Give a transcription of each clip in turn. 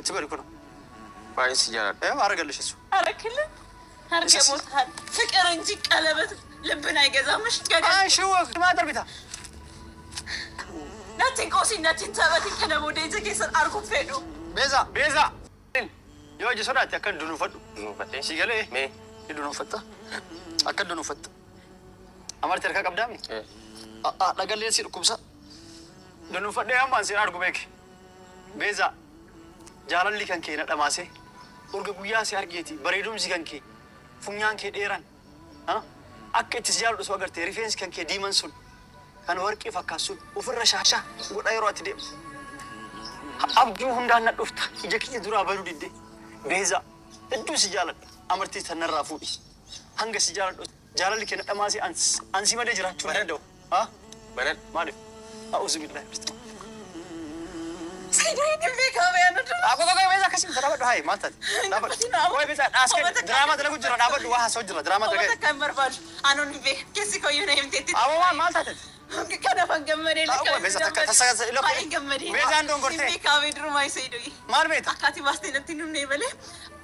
እትበል እኮ ነው ባይስ እያለ አረገልሽ እሱ አረክልን አርገቦታል። ፍቅር እንጂ ቀለበት ልብን አይገዛምሽ። ገዳሽወክ ማጠር ቤታ ነቲን ቆሲ ነቲን ተበትን ከነቦደ ጀጌሰን አርጉ ፌዱ ቤዛ ቤዛ የወጅ ሶዳ ቲ አከን ዱኑ ሲገለ ዱኑ ፈጣ አከን ዱኑ ፈጥ አማርቲ ርካ ቀብዳሚ ነገሌ ሲድኩብሳ ዱኑ ፈደ ያማን ሲን አርጉ ቤክ ቤዛ Jaalalli kan kee na dhamaasee urga guyyaa si argeeti bareedumsi kan kee funyaan kee dheeran akka itti si jaaladhu soo agartee rifeensi kan kee diiman sun kan warqii fakkaatu sun ofirra shaashaa godhaa yeroo ati deemtu. abjuu hundaan na dhufta ija kiyya duraa baduu diddee beezaa hedduu si jaaladhu amartii tan narraa fuudhi hanga si jaaladhu jaalalli kee na dhamaasee ansi malee jiraachuu danda'u. Banadhu. Maaliif? A'uuzu billahi. Akkaatii baastee natti hin dhumne malee.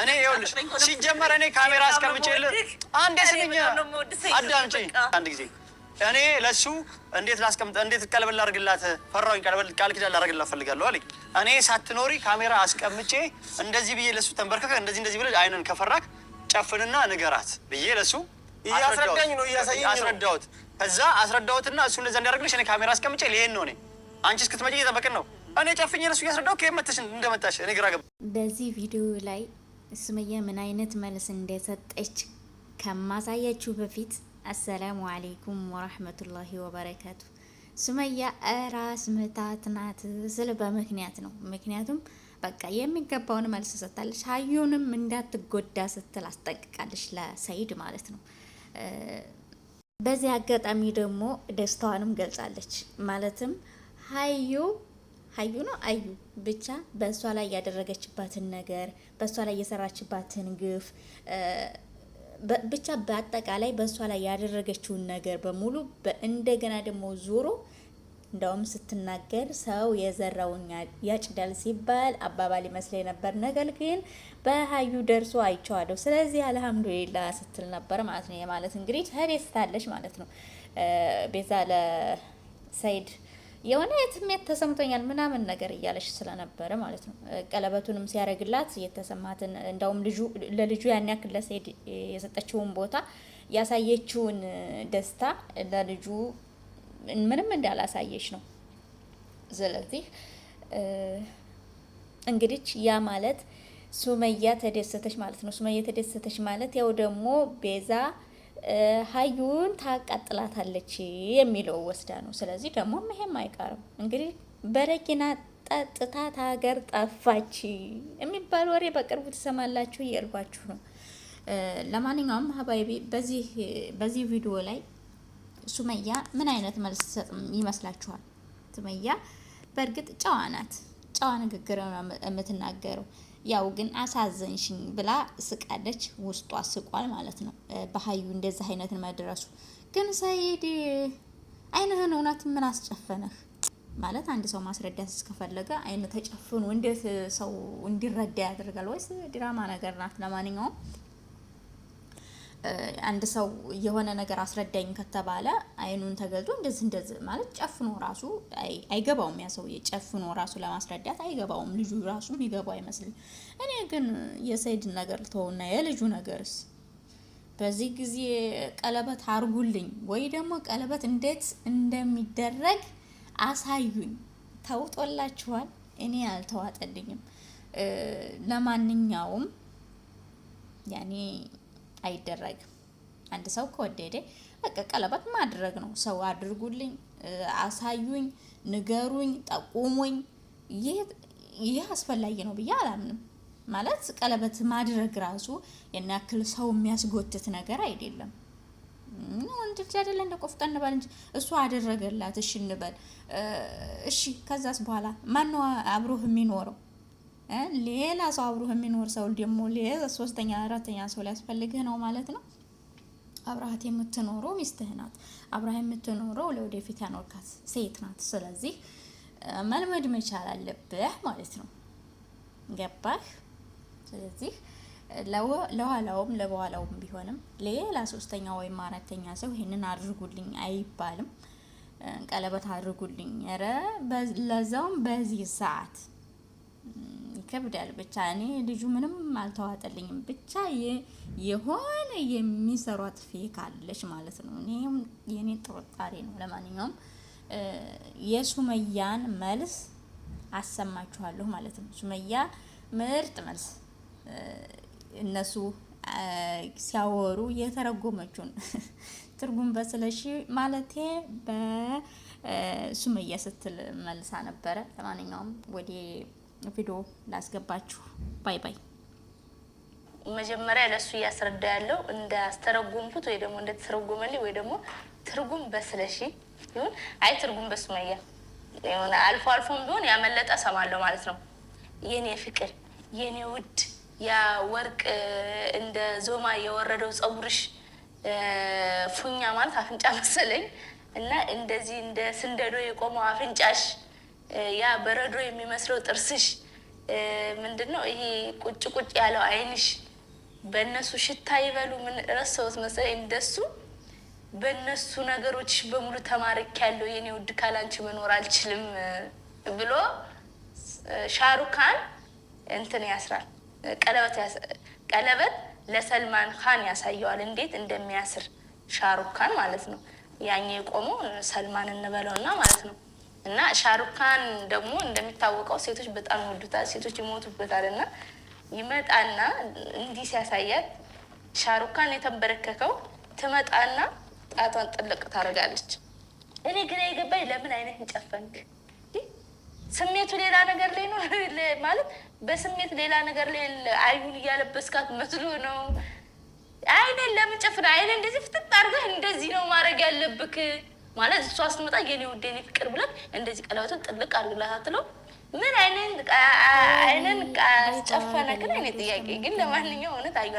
እኔ ይኸውልሽ፣ ሲጀመር እኔ ካሜራ አስቀምጬልህ አንዴ ስልኝ፣ አዳምጪኝ አንድ ጊዜ። እኔ ለሱ እንዴት ላስቀምጥ፣ እንዴት ቀለበል ላርግላት ፈራሁኝ፣ ቀለበል ቃል ኪዳን ላደርግላት ፈልጋለሁ አለኝ። እኔ ሳትኖሪ ካሜራ አስቀምጬ እንደዚህ ብዬ ለሱ ተንበርከከ፣ እንደዚህ እንደዚህ ብለህ አይንን ከፈራክ ጨፍንና ንገራት ብዬ ለሱ እያስረዳኝ ነው አስረዳሁት። ከዛ አስረዳሁትና እሱ እንደዛ እንዲያደርግልሽ እኔ ካሜራ አስቀምጬ ልሄድ ነው እኔ አንቺ እስክትመጪ እየጠበቅን ነው። እኔ ጨፍኝ ለሱ እያስረዳሁ ከየት መተሽ እንደመጣሽ እኔ ግራ ገባ። በዚህ ቪዲዮ ላይ ሱመያ ምን አይነት መልስ እንደሰጠች ከማሳያችሁ በፊት አሰላሙ አሌይኩም ወራህመቱላሂ ወበረካቱ። ሱመያ ራስ ምታት ናት ስል በምክንያት ነው። ምክንያቱም በቃ የሚገባውን መልስ ሰጥታለች። ሀዩንም እንዳትጎዳ ስትል አስጠንቅቃለች፣ ለሰይድ ማለት ነው። በዚህ አጋጣሚ ደግሞ ደስታዋንም ገልጻለች። ማለትም ሀዩ ሀዩ ነው አዩ ብቻ በእሷ ላይ ያደረገችባትን ነገር በእሷ ላይ የሰራችባትን ግፍ ብቻ በአጠቃላይ በእሷ ላይ ያደረገችውን ነገር በሙሉ እንደገና ደግሞ ዞሮ እንደውም ስትናገር ሰው የዘራውን ያጭዳል ሲባል አባባል ይመስለኝ ነበር። ነገር ግን በሀዩ ደርሶ አይቼዋለሁ። ስለዚህ አልሐምዱሊላ ስትል ነበር ማለት ነው። የማለት እንግዲህ ተደስታለች ማለት ነው ቤዛ ለሰይድ የሆነ ስሜት ተሰምቶኛል ምናምን ነገር እያለች ስለነበረ ማለት ነው። ቀለበቱንም ሲያደርግላት የተሰማትን እንደውም ልጁ ለልጁ ያን ያክል ለሰኢድ የሰጠችውን ቦታ ያሳየችውን ደስታ ለልጁ ምንም እንዳላሳየች ነው። ስለዚህ እንግዲህ ያ ማለት ሱመያ ተደሰተች ማለት ነው። ሱመያ ተደሰተች ማለት ያው ደግሞ ቤዛ ሀዩን ታቃጥላታለች የሚለው ወስዳ ነው። ስለዚህ ደግሞ ይሄም አይቀርም እንግዲህ በረኪና ጠጥታ ሀገር ጠፋች የሚባል ወሬ በቅርቡ ትሰማላችሁ እያልኳችሁ ነው። ለማንኛውም ሀባይቢ በዚህ ቪዲዮ ላይ ሱመያ ምን አይነት መልስ ይመስላችኋል? ሱመያ በእርግጥ ጨዋ ናት። ጨዋ ንግግር ነው የምትናገረው። ያው ግን አሳዘንሽኝ ብላ ስቃለች። ውስጧ ስቋል ማለት ነው። በሀዩ እንደዚህ አይነትን መድረሱ ግን ሰይድ አይንህን እውነት ምን አስጨፈነህ? ማለት አንድ ሰው ማስረዳት እስከፈለገ አይን ተጨፍኑ እንዴት ሰው እንዲረዳ ያደርጋል? ወይስ ድራማ ነገር ናት? ለማንኛውም አንድ ሰው የሆነ ነገር አስረዳኝ ከተባለ አይኑን ተገልጦ እንደዚህ እንደዚህ ማለት ጨፍኖ ራሱ አይገባውም። ያ ሰውዬ ጨፍኖ ራሱ ለማስረዳት አይገባውም። ልጁ ራሱ የሚገባው አይመስልም። እኔ ግን የሰይድን ነገር ልተውና የልጁ ነገርስ በዚህ ጊዜ ቀለበት አርጉልኝ ወይ ደግሞ ቀለበት እንዴት እንደሚደረግ አሳዩኝ። ተውጦላችኋል። እኔ አልተዋጠልኝም። ለማንኛውም ያኔ አይደረግም። አንድ ሰው ከወደደ በቃ ቀለበት ማድረግ ነው። ሰው አድርጉልኝ፣ አሳዩኝ፣ ንገሩኝ፣ ጠቁሙኝ፣ ይህ አስፈላጊ ነው ብዬ አላምንም። ማለት ቀለበት ማድረግ ራሱ ያን ያክል ሰው የሚያስጎትት ነገር አይደለም። ወንድ ልጅ አይደለ እንደ ቆፍጠን እንበል እንጂ እሱ አደረገላት፣ እሺ እንበል እሺ። ከዛስ በኋላ ማነው አብሮህ የሚኖረው? ሌላ ሰው አብሮህ የሚኖር ሰው ደግሞ ሶስተኛ አራተኛ ሰው ሊያስፈልግህ ነው ማለት ነው። አብረሃት የምትኖረው ሚስትህ ናት። አብረሃ የምትኖረው ለወደፊት ያኖርካት ሴት ናት። ስለዚህ መልመድ መቻል አለብህ ማለት ነው። ገባህ? ስለዚህ ለኋላውም ለበኋላውም ቢሆንም ሌላ ሶስተኛ ወይም አራተኛ ሰው ይህንን አድርጉልኝ አይባልም። ቀለበት አድርጉልኝ ኧረ ለዛውም በዚህ ሰዓት ይከብዳል። ብቻ እኔ ልጁ ምንም አልተዋጠልኝም። ብቻ የሆነ የሚሰሯት ፌክ አለች ማለት ነው። እኔም የኔ ጥርጣሬ ነው። ለማንኛውም የሱመያን መልስ አሰማችኋለሁ ማለት ነው። ሱመያ ምርጥ መልስ እነሱ ሲያወሩ የተረጎመችውን ትርጉም በስለሺ ማለቴ በሱመያ ስትል መልሳ ነበረ። ለማንኛውም ወደ ቪዲዮ ላስገባችሁ። ባይ ባይ። መጀመሪያ ለእሱ እያስረዳ ያለው እንዳስተረጎምኩት ወይ ደግሞ እንደተተረጎመልኝ ወይ ደግሞ ትርጉም በስለሺ ይሁን አይ ትርጉም በሱመያ ሆነ አልፎ አልፎም ቢሆን ያመለጠ ሰማለሁ ማለት ነው። የኔ ፍቅር፣ የኔ ውድ፣ ያ ወርቅ እንደ ዞማ የወረደው ፀጉርሽ ፉኛ ማለት አፍንጫ መሰለኝ እና እንደዚህ እንደ ስንደዶ የቆመው አፍንጫሽ ያ በረዶ የሚመስለው ጥርስሽ ምንድን ነው ይሄ ቁጭ ቁጭ ያለው አይንሽ በእነሱ ሽታ ይበሉ ምን ረሰውት መሰለኝ እንደሱ በእነሱ ነገሮች በሙሉ ተማርክ ያለው የኔ ውድ ካላንቺ መኖር አልችልም ብሎ ሻሩካን እንትን ያስራል ቀለበት ቀለበት ለሰልማን ካን ያሳየዋል እንዴት እንደሚያስር ሻሩካን ማለት ነው ያኛ የቆመው ሰልማን እንበለውና ማለት ነው እና ሻሩካን ደግሞ እንደሚታወቀው ሴቶች በጣም ይወዱታል፣ ሴቶች ይሞቱበታል። እና ይመጣና እንዲህ ሲያሳያት ሻሩካን የተንበረከከው ትመጣና ጣቷን ጥልቅ ታደርጋለች። እኔ ግን የገባኝ ለምን አይነት እንጨፈንክ ስሜቱ ሌላ ነገር ላይ ነው ማለት በስሜት ሌላ ነገር ላይ አይኑን እያለበስካት መስሎ ነው። አይኔን ለምን ጨፍነ አይኔ እንደዚህ ፍጥጥ አድርገህ እንደዚህ ነው ማድረግ ያለብክ ማለት እሷ ስትመጣ የኔ ውድ የኔ ፍቅር ብለን እንደዚህ ቀለበቱን ጥልቅ አድርግላታትለው ምን አይነን አይነን ጨፈነ ግን አይነት ጥያቄ ግን ለማንኛውም እውነት አዩ